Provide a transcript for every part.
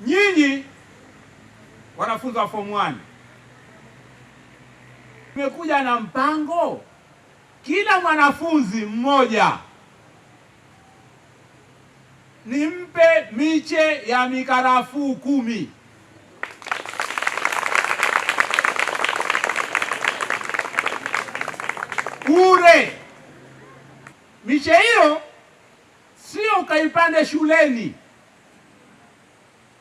nyinyi wanafunzi wa form 1 imekuja na mpango, kila mwanafunzi mmoja nimpe miche ya mikarafuu kumi. Bure. Miche hiyo sio ukaipande shuleni.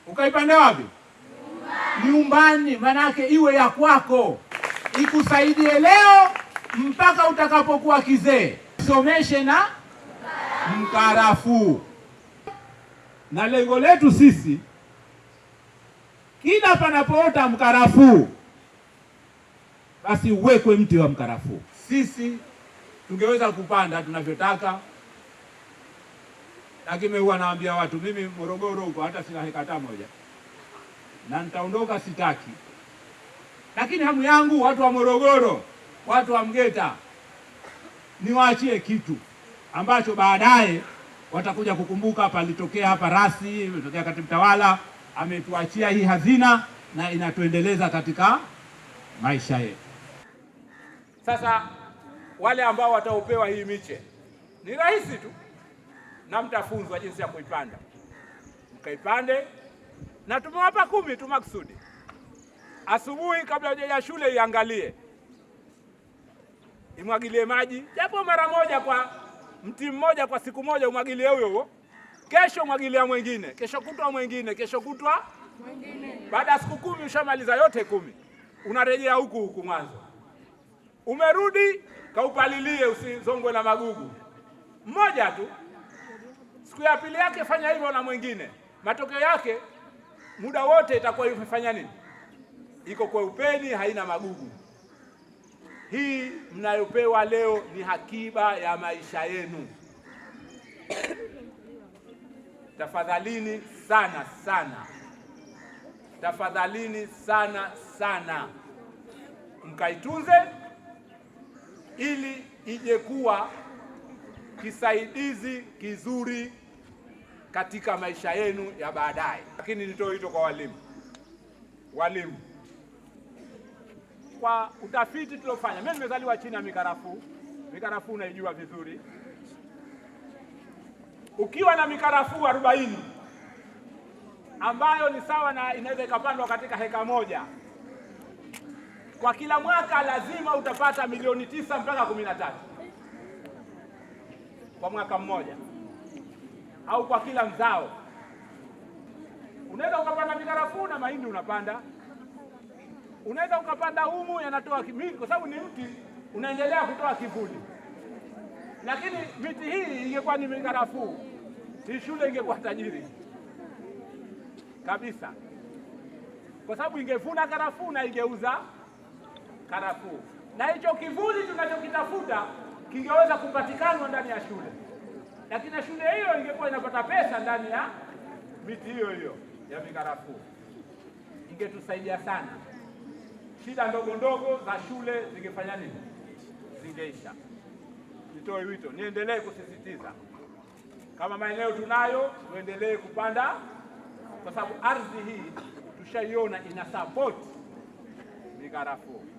Ukaipanda wapi? Nyumbani. Manake iwe ya kwako, ikusaidie leo mpaka utakapokuwa kizee. Someshe na mkarafuu. Na lengo letu sisi, kila panapoota mkarafuu basi uwekwe mti wa mkarafuu. Sisi tungeweza kupanda tunavyotaka lakini huwa naambia watu mimi Morogoro huko hata sina hekata moja na nitaondoka sitaki, lakini hamu yangu watu wa Morogoro, watu wa Mgeta niwaachie kitu ambacho baadaye watakuja kukumbuka palitokea hapa rasi, imetokea katibu tawala ametuachia hii hazina na inatuendeleza katika maisha yetu. Sasa wale ambao wataopewa hii miche ni rahisi tu na mtafunzwa jinsi ya kuipanda, mkaipande. Na tumewapa kumi tu maksudi asubuhi kabla hujaja shule iangalie, imwagilie maji japo mara moja kwa mti mmoja kwa siku moja, umwagilie huyo huo, kesho mwagilia mwengine, kesho kutwa mwengine, kesho kutwa mwengine. Baada ya siku kumi ushamaliza yote kumi, unarejea huku huku mwanzo. Umerudi kaupalilie, usizongwe na magugu, mmoja tu siku ya pili yake fanya hivyo na mwingine. Matokeo yake muda wote itakuwa imefanya nini? Iko kweupeni, haina magugu. Hii mnayopewa leo ni hakiba ya maisha yenu. Tafadhalini sana sana, tafadhalini sana sana, mkaitunze ili ije kuwa kisaidizi kizuri katika maisha yenu ya baadaye. Lakini nitoe wito kwa walimu, walimu kwa utafiti tuliofanya, mimi nimezaliwa chini ya mikarafuu. Mikarafuu unaijua vizuri. Ukiwa na mikarafuu arobaini ambayo ni sawa na inaweza ikapandwa katika heka moja, kwa kila mwaka lazima utapata milioni tisa mpaka kumi na tatu kwa mwaka mmoja au kwa kila mzao. Unaweza ukapanda mikarafuu na mahindi unapanda, unaweza ukapanda humu, yanatoa kwa sababu ni mti unaendelea kutoa kivuli. Lakini miti hii ingekuwa ni mikarafuu, hii shule ingekuwa tajiri kabisa, kwa sababu ingevuna karafuu na ingeuza karafuu, na hicho kivuli tunachokitafuta kingeweza kupatikana ndani ya shule lakini na shule hiyo ingekuwa inapata pesa ndani ya miti hiyo hiyo ya mikarafuu ingetusaidia sana. Shida ndogo ndogo za shule zingefanya nini? Zingeisha. Nitoe wito, niendelee kusisitiza kama maeneo tunayo, tuendelee kupanda, kwa sababu ardhi hii tushaiona ina support mikarafuu.